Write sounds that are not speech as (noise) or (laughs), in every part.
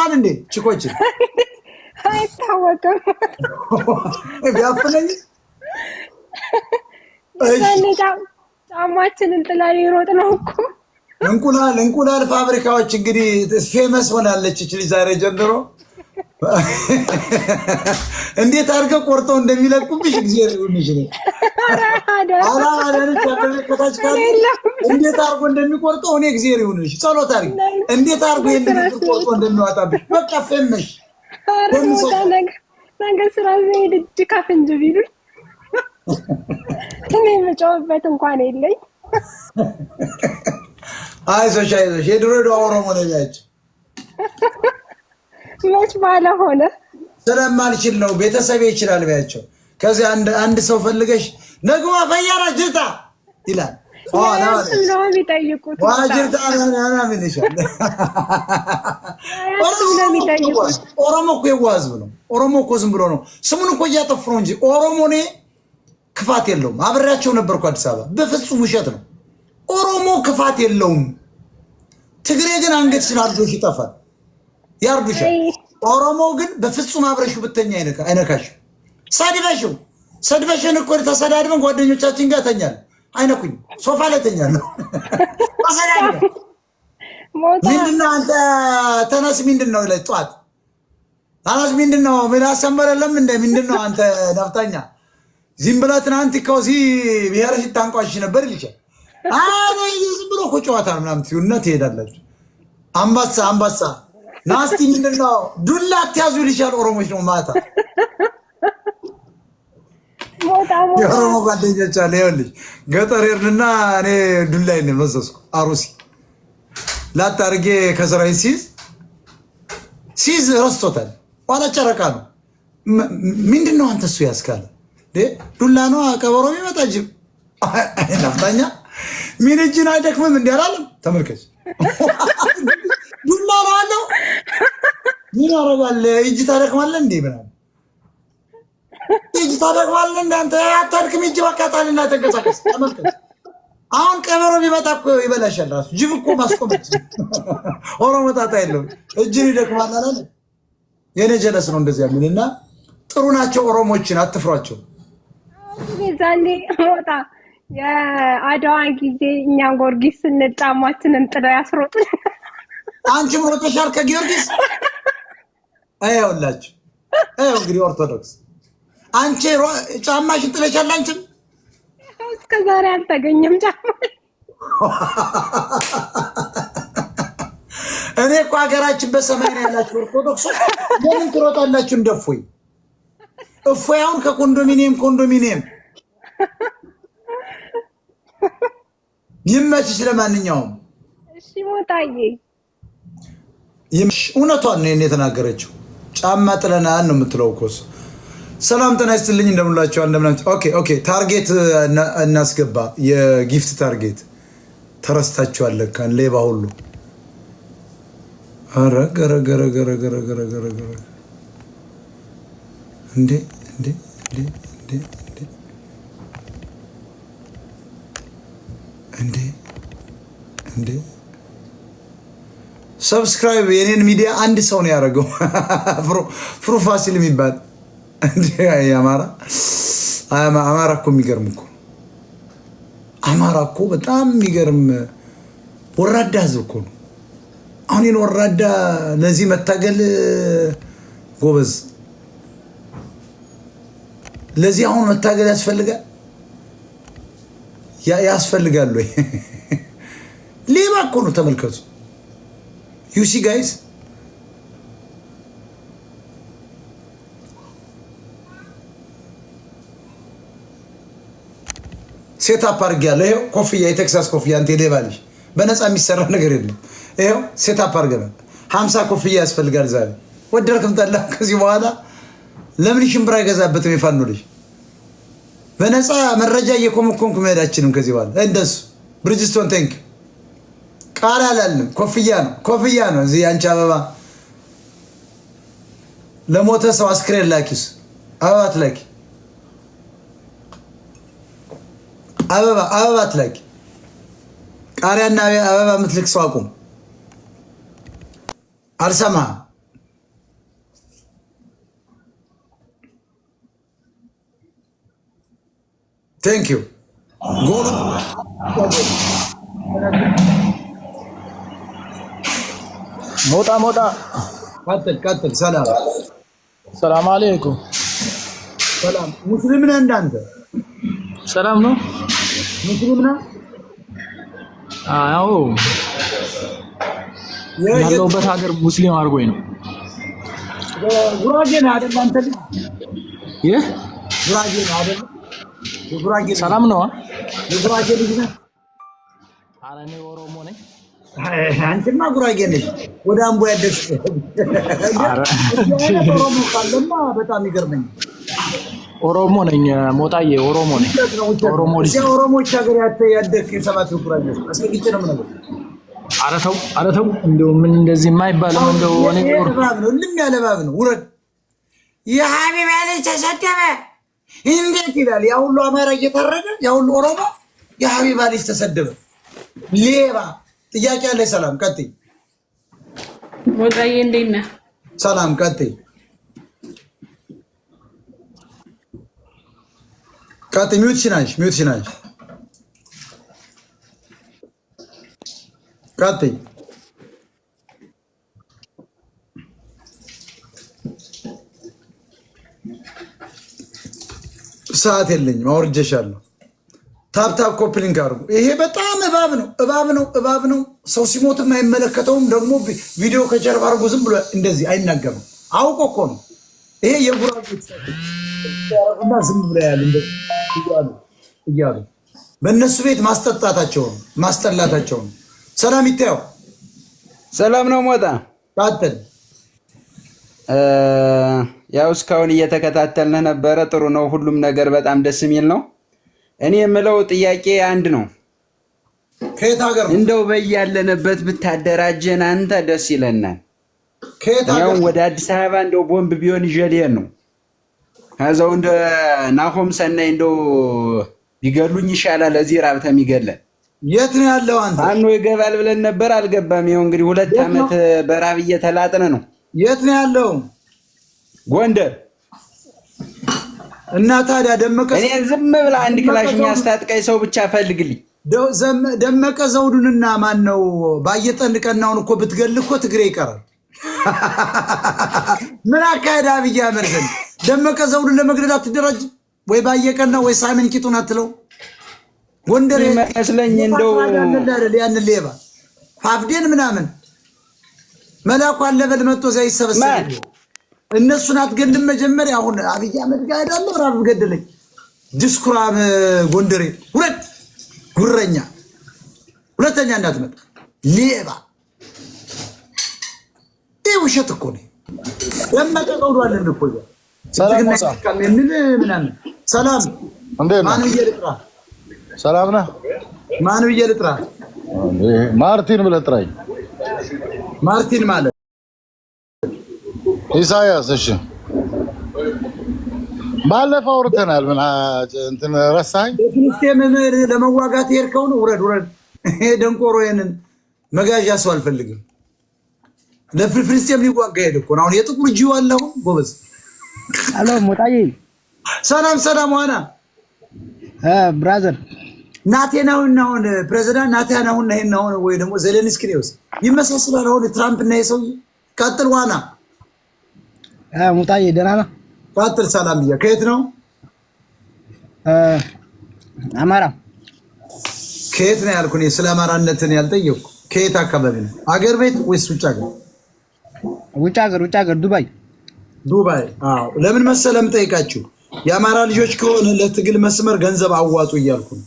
ያፍናል እንዴ? ችኮች አይታወቅም። ቢያፍነኝ ጫማችን እንጥላል ይሮጥ ነው እኮ እንቁላል እንቁላል ፋብሪካዎች እንግዲህ ፌመስ ሆናለች ችል ዛሬ ጀምሮ እንዴት አድርገው ቆርጠው እንደሚለቁብሽ ጊዜ ልሁንሽ አላለንቻለበታች እንዴት አድርጎ እንደሚቆርጠው እኔ ጊዜ ጸሎት አድርጊ። እንዴት አድርጎ ቆርጦ እንደሚዋጣብሽ በቃ ፈመሽ ነገር ስራ ሄድ እጅ ቢሉኝ እኔ እንኳን የለኝ። አይዞሽ አይዞሽ፣ መች ባለ ሆነ ስለማልችል ነው። ቤተሰብ ይችላል ቢያቸው ከዚህ አንድ ሰው ፈልገሽ ነግዋ ፈያራ ጅታ ይላል ኦሮሞ እኮ የዋህ ህዝብ ነው። ኦሮሞ እኮ ዝም ብሎ ነው ስሙን እኮ እያጠፉ ነው እንጂ ኦሮሞ እኔ ክፋት የለውም። አብሬያቸው ነበርኩ አዲስ አበባ። በፍጹም ውሸት ነው። ኦሮሞ ክፋት የለውም። ትግሬ ግን አንገትሽን አድርጎሽ ይጠፋል። ያርዱሻል። ኦሮሞ ግን በፍጹም አብረሽው ብተኛ አይነካሽ። ሰድበሽው ሰድበሽን እኮ ተሰዳድበን ጓደኞቻችን ጋር ተኛል። አይነኩኝ ሶፋ ላይ ተኛለሁ። ምንድነው አንተ ተነስ፣ ምንድነው ላይ ጠዋት አላስ ምንድነው ምን አሰመረለም እንደ ምንድነው አንተ ነፍጠኛ፣ ዝም ብለህ ትናንት እኮ እዚህ ብሔርሽ ነበር ይልሻል። አይ ዝም ብሎ እኮ ጨዋታ ምናምን ትዩነት ትሄዳላችሁ። አንበሳ አንበሳ ናስቲ ምንድን ነው ዱላ አትያዙ ይልሻል። ኦሮሞች ነው ማታ የኦሮሞ ጓደኞች አለ። ይኸውልሽ ገጠር ሄድንና እኔ ዱላዬን መዘዝኩ አሩሲ ላት አድርጌ ከስራይ ሲዝ ሲዝ ረስቶታል። ኋላ ጨረቃ ነው ምንድን ነው አንተ እሱ ያስካለ ዱላ ነው ቀበሮ የሚመጣ ጅብ ናፍታኛ ሚን እጅን አይደክምም እንዲያላለም ተመልከች ዱላ ባለው ምን አረጋለ? እጅ ታደክማለህ እንዴ ምናምን እጅ ታደክማለህ እንዳንተ አታድክም። እጅ በቃጣል እና ተንቀሳቀስ። ተመልከት፣ አሁን ቀበሮ ቢመጣ እኮ ይበላሻል። ራሱ ጅብ እኮ ማስቆም ኦሮሞ ጣጣ የለውም። እጅን ይደክማል አላለ። የኔ ጀለስ ነው እንደዚህ ያሉን እና ጥሩ ናቸው ኦሮሞችን፣ አትፍሯቸው። ዛኔ ወጣ የአድዋን ጊዜ እኛ ጎርጊስ ስንል ጫማችንን ጥለው ያስሮጡን አንቺም ሮተሻል ከጊዮርጊስ ይኸውላችሁ፣ ይኸው እንግዲህ ኦርቶዶክስ አንቺ ጫማሽን ጥለሻል። አንቺም እስከ ዛሬ አልተገኘም ጫማ። እኔ እኮ ሀገራችን በሰማይ ነው ያላችሁ ኦርቶዶክሶች፣ ለምን ትሮጣላችሁ? እንደ እፎይ እፎይ አሁን ከኮንዶሚኒየም ኮንዶሚኒየም ይመችሽ። ለማንኛውም እሺ ሞታዬ እውነቷን ነው የተናገረችው። ጫማ ጥለናል ነው የምትለው እኮ እሱ። ሰላም ጤና ይስጥልኝ እንደምላቸው እንደምናቸው። ኦኬ ኦኬ፣ ታርጌት እናስገባ። የጊፍት ታርጌት ተረስታችኋል ለካ ሌባ ሁሉ። ኧረ እንዴ እንዴ እንዴ እንዴ እንዴ ሰብስክራይብ የኔን ሚዲያ አንድ ሰው ነው ያደረገው። (laughs) ፍሩ ፋሲል የሚባል አማራ አማራ እኮ የሚገርም እኮ አማራ እኮ በጣም የሚገርም ወራዳ ህዝብ እኮ ነው። አሁን ይህን ወራዳ ለዚህ መታገል ጎበዝ፣ ለዚህ አሁን መታገል ያስፈልጋል ወይ? (laughs) ሌባ እኮ ነው ተመልከቱ። ዩ ሲ ጋይስ ሴት አፕ አድርጌያለሁ። ይኸው ኮፍያ፣ የቴክሳስ ኮፍያ አንተ ሌባ ነሽ። በነፃ የሚሰራ ነገር የለም። ይኸው ሴት አፕ አድርገናል። ሀምሳ ኮፍያ ያስፈልጋል ዛሬ ወደድክም ጠላህ። ከዚህ በኋላ ለምን ሽምብራ አይገዛበትም? የፋኖ ልጅ በነፃ መረጃ እየኮመኮምኩ መሄዳችንም ከዚህ በኋላ እንደሱ ብሪጅስቶን ቴንክ ቃል አላልም። ኮፍያ ነው ኮፍያ ነው። እዚህ አንቺ አበባ ለሞተ ሰው አስክሬን ላኪስ አበባት ላኪ አበባ አበባ ትላኪ ቃሪያና አበባ ምትልክ ሰው አቁም። አልሰማ ቴንክ ዩ ሞጣ ሞጣ ቀጥል ቀጥል። ሰላም ሰላም አለይኩም። ሰላም ሙስሊም ነህ? እንዳንተ ሰላም ነው። ሙስሊም ነህ? አዎ ያለሁበት ሀገር ሙስሊም አድርጎኝ ነው። ጉራጌ ነህ አይደል? አንተ ልጅ ይህ ጉራጌ ነህ አይደል? ጉራጌ ሰላም ነው። ጉራጌ ልጅ ነህ? ኧረ እኔ ኦሮሞ ነኝ። አንቺማ ጉራጌ ነሽ፣ ወደ አምቦ ያደግሽ ኦሮሞ ካለማ በጣም ይገርመኝ። ኦሮሞ ነኝ ሞጣዬ፣ ኦሮሞ ነኝ። ኦሮሞ ልጅ ኦሮሞች ሀገር ያተ ያደግሽ ሰባት ጉራጌ ነሽ። አስገግጬ ነው የምነግርሽ። ኧረ ተው፣ ኧረ ተው። እንደው ምን እንደዚህ የማይባልም እንደው ወኔ ነው እልም ያለ ባብ ነው። ውረድ። የሀቢባ ልጅ ተሰደበ እንዴት ይላል? ያ ሁሉ አማራ እየታረደ ያ ሁሉ ኦሮሞ የሀቢባ ልጅ ተሰደበ ሌባ ጥያቄ አለኝ። ሰላም ቀጥይ። ወጣዬ እንዴት ነህ? ሰላም ቀጥይ። ቀጥይ። ሚውትሽ ናሽ፣ ሚውትሽ ናሽ። ቀጥይ። ሰዓት የለኝም፣ አውርጄሻለሁ ታብታብ ኮፕሊንግ አድርጉ። ይሄ በጣም እባብ ነው፣ እባብ ነው፣ እባብ ነው። ሰው ሲሞትም አይመለከተውም። ደግሞ ቪዲዮ ከጀርባ አድርጎ ዝም ብሎ እንደዚህ አይናገርም። አውቆ እኮ ነው ይሄ የጉራጌ ዝም ብሎ ያሉ እያሉ በእነሱ ቤት ማስጠጣታቸው ነው ማስጠላታቸው ነው። ሰላም ይታየው። ሰላም ነው ሞጣ ቃጥል። ያው እስካሁን እየተከታተልን ነበረ። ጥሩ ነው። ሁሉም ነገር በጣም ደስ የሚል ነው። እኔ የምለው ጥያቄ አንድ ነው። ከየት ሀገር እንደው በያለንበት ብታደራጀን አንተ ደስ ይለናል። ያው ወደ አዲስ አበባ እንደው ቦምብ ቢሆን ይዤልህ ነው። ከዛው እንደ ናሆም ሰናይ እንደው ቢገሉኝ ይሻላል። እዚህ ራብተ የሚገለን የት ነው ያለው? አንተ ፋኖ ይገባል ብለን ነበር፣ አልገባም። ይኸው እንግዲህ ሁለት ዓመት በራብ እየተላጥነ ነው። የት ነው ያለው? ጎንደር እና ታዲያ ደመቀ እኔ ዝም ብላ አንድ ክላሽ የሚያስታጥቀኝ ሰው ብቻ ፈልግልኝ። ደመቀ ዘውዱንና ማን ነው ባየጠን እኮ ብትገል እኮ ትግሬ ይቀራል። (laughs) ምን አካሄድ አብይ አህመድ ደመቀ ዘውዱን ለመግደል አትደራጅ ወይ ባየቀና ወይ ሳሚን ኪቱን አትለው ጎንደር መስለኝ እንደው ያን ሌባ ሀፍዴን ምናምን መላኩ አለበል መጥቶ እዚያ ይሰበሰብ እነሱን አትገልም። መጀመሪያ አሁን አብይ አህመድ ጋር ሄዳለሁ ራብ ገደለኝ ዲስኩራም ጎንደሬ ሁለት ጉረኛ ሁለተኛ እንዳትመጣ ሌባ ይህ ውሸት እኮ ነው። ደመቀ ቀውዷለን እኮ የሚል ምናምን ሰላም ማን ብዬ ልጥራ? ሰላም ነህ? ማን ብዬ ልጥራ? ማርቲን ብለህ ጥራኝ። ማርቲን ማለት ኢሳያስ እሺ፣ ባለፈው አውርተናል። ምን እንትን ረሳኝ። በፍልስጤም ለመዋጋት የሄድከው ነው። ውረድ ውረድ። ይሄ ደንቆሮ ይሄንን መጋዣ ሰው አልፈልግም። ለፍልስጤም ሊዋጋ ሄደ እኮ ነው። አሁን የጥቁር እጅ ዋለሁ። ጎበዝ። አሎ ሞጣዬ፣ ሰላም ሰላም። ዋና ብራዘር ናቴናውን አሁን ፕሬዚዳንት ናቴናውን ይሄን አሁን ወይ ደግሞ ዜሌንስኪ ነው ይመሳሰላል። አሁን ትራምፕ እና የሰውዬ ቀጥል ዋና ሙጣዬ ደህና ነው ፓትር ሰላም ብያ። ከየት ነው? አማራ። ከየት ነው ያልኩ እኔ ስለ አማራነትን ያልጠየቅኩ። ከየት አካባቢ ነው? አገር ቤት ወይስ ውጭ ሀገር? ውጭ ሀገር፣ ውጭ ሀገር ዱባይ። ዱባይ። አዎ። ለምን መሰለ ጠይቃችሁ የአማራ ልጆች ከሆነ ለትግል መስመር ገንዘብ አዋጡ እያልኩ ነው።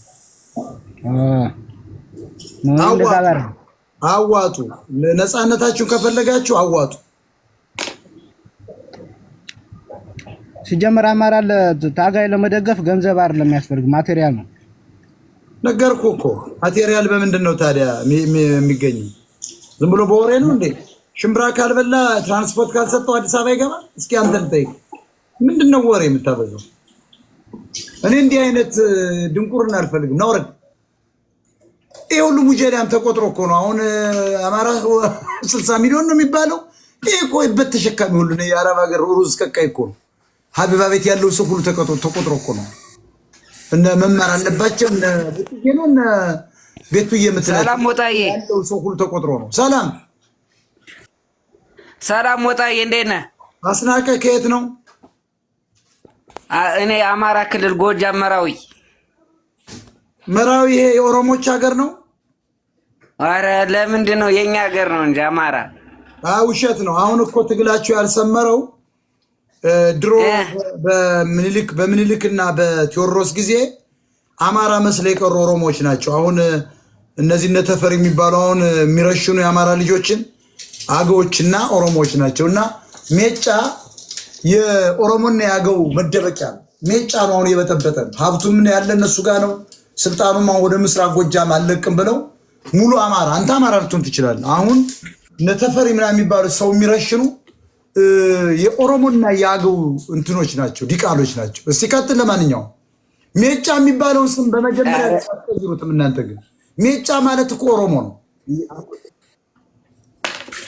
አዋጡ፣ ነፃነታችሁን ከፈለጋችሁ አዋጡ። ሲጀመር አማራ ታጋይ ለመደገፍ ገንዘብ አይደለም የሚያስፈልግ ማቴሪያል ነው። ነገርኩህ እኮ ማቴሪያል በምንድን ነው ታዲያ የሚገኝ? ዝም ብሎ በወሬ ነው እንዴ? ሽምብራ ካልበላ ትራንስፖርት ካልሰጠው አዲስ አበባ ይገባል? እስኪ አንተን ጠይቅ። ምንድን ነው ወሬ የምታበዛው? እኔ እንዲህ አይነት ድንቁርን አልፈልግም። ናውረድ ይህ ሁሉ ሙጀዳም ተቆጥሮ እኮ ነው አሁን አማራ ስልሳ ሚሊዮን ነው የሚባለው። ይህ እኮ በት ተሸካሚ ሁሉ የአረብ ሀገር ሩዝ ቀቃይ እኮ ነው ሀቢባ ቤት ያለው ሰው ሁሉ ተቆጥሮ እኮ ነው። እነ መማር አለባቸው እነ ቤቱዬ ነው እነ ቤቱዬ የምትላቸው ሰላም ወጣዬ ያለው ሰው ሁሉ ተቆጥሮ ነው። ሰላም ሰላም ወጣዬ፣ እንዴት ነህ? አስናቀ ከየት ነው? እኔ አማራ ክልል ጎጃም መራዊ። መራዊ ይሄ የኦሮሞች ሀገር ነው? አረ ለምንድን ነው የኛ ሀገር ነው እንጂ አማራ ውሸት ነው። አሁን እኮ ትግላቸው ያልሰመረው ድሮ በምኒልክ እና በቴዎድሮስ ጊዜ አማራ መስለ የቀሩ ኦሮሞዎች ናቸው። አሁን እነዚህ እነ የሚባሉ አሁን የሚረሽኑ የአማራ ልጆችን አገዎችና ኦሮሞዎች ናቸው። እና ሜጫ የኦሮሞና የአገው መደበቂያ ነው። ሜጫ ነው አሁን የበጠበጠ ሀብቱም ያለ እነሱ ጋር ነው። ስልጣኑም አሁን ወደ ምስራቅ ጎጃም አለቅም ብለው ሙሉ አማራ አንተ አማራ ልትሆን ትችላለህ። አሁን እነ ተፈሪ ምናምን የሚባሉ ሰው የሚረሽኑ የኦሮሞና የአገው እንትኖች ናቸው፣ ዲቃሎች ናቸው። እስቲ ቀጥል። ለማንኛውም ሜጫ የሚባለውን ስም በመጀመሪያ ሩትም እናንተ ግን ሜጫ ማለት እኮ ኦሮሞ ነው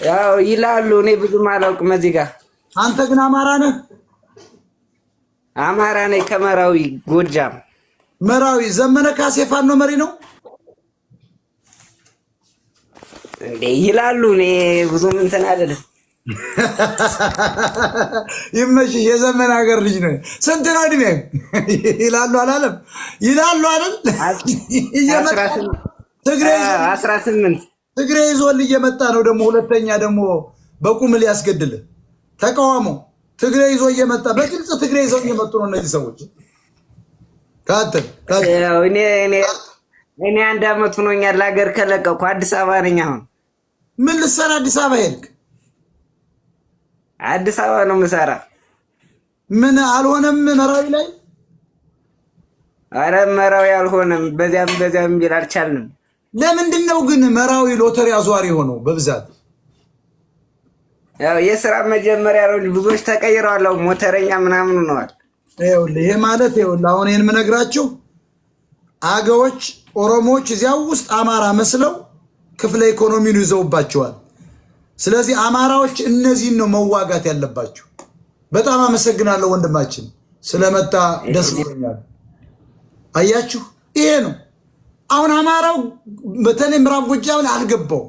ያው ይላሉ። እኔ ብዙም አላውቅም እዚህ አንተ ግን አማራ ነህ? አማራ ነኝ ከመራዊ ጎጃም። መራዊ ዘመነ ካሴ ፋኖ መሪ ነው እንዴ ይላሉ። እኔ ብዙም እንትን አይደለም (laughs) ይመሽ የዘመን ሀገር ልጅ ነው። ስንት ነው እድሜ (laughs) ይላሉ አላለም ይላሉ አይደል? (laughs) ትግሬ ይዞል እየመጣ ነው። ደግሞ ሁለተኛ ደግሞ በቁም ሊያስገድል ተቃውሞ ትግሬ ይዞ እየመጣ በግልጽ ትግሬ ይዘው እየመጡ ነው እነዚህ ሰዎች። እኔ አንድ አመት ሆኖኛል ሀገር ከለቀኩ። አዲስ አበባ ነኝ አሁን። ምን ልትሰራ አዲስ አበባ ሄድክ? አዲስ አበባ ነው የምሰራ። ምን አልሆነም? መራዊ ላይ አረ መራዊ አልሆነም። በዚያም በዚያም ቢል አልቻልንም። ለምንድን ነው ግን መራዊ ሎተሪ አዟሪ ሆነው በብዛት? ያው የስራ መጀመሪያ ነው። ብዙዎች ተቀይረዋል። ሞተረኛ ምናምን ሆነዋል። ይሄ ማለት ይኸውልህ፣ አሁን ይህን የምነግራችሁ አገዎች፣ ኦሮሞዎች እዚያው ውስጥ አማራ መስለው ክፍለ ኢኮኖሚን ይዘውባቸዋል። ስለዚህ አማራዎች እነዚህን ነው መዋጋት ያለባቸው። በጣም አመሰግናለሁ ወንድማችን ስለመጣ ደስ ይለኛል። አያችሁ ይሄ ነው አሁን አማራው በተለይ ምዕራብ ጎጃምን አልገባው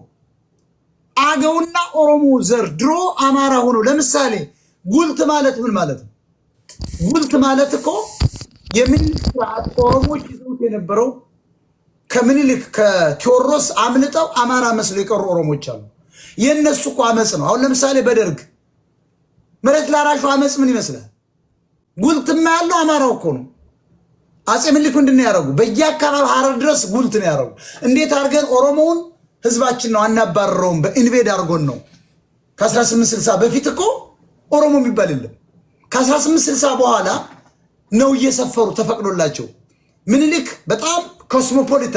አገውና ኦሮሞ ዘር ድሮ አማራ ሆኖ ለምሳሌ ጉልት ማለት ምን ማለት ነው? ጉልት ማለት እኮ የምኒልክ ስርዓት ኦሮሞች ይዘውት የነበረው ከምኒልክ ከቴዎድሮስ አምልጠው አማራ መስሎ የቀሩ ኦሮሞች አሉ። የእነሱ እኮ አመፅ ነው። አሁን ለምሳሌ በደርግ መሬት ላራሹ አመፅ ምን ይመስላል? ጉልትማ ያለው አማራው እኮ ነው። አጼ ምኒልክ ምንድን ነው ያደረጉ? በየአካባቢው ሀረር ድረስ ጉልት ነው ያደረጉ። እንዴት አድርገን ኦሮሞውን ህዝባችን ነው አናባረረውም? በኢንቬድ አድርጎን ነው። ከ1860 በፊት እኮ ኦሮሞ የሚባል የለም። ከ1860 በኋላ ነው እየሰፈሩ ተፈቅዶላቸው ምኒልክ በጣም ኮስሞፖሊታ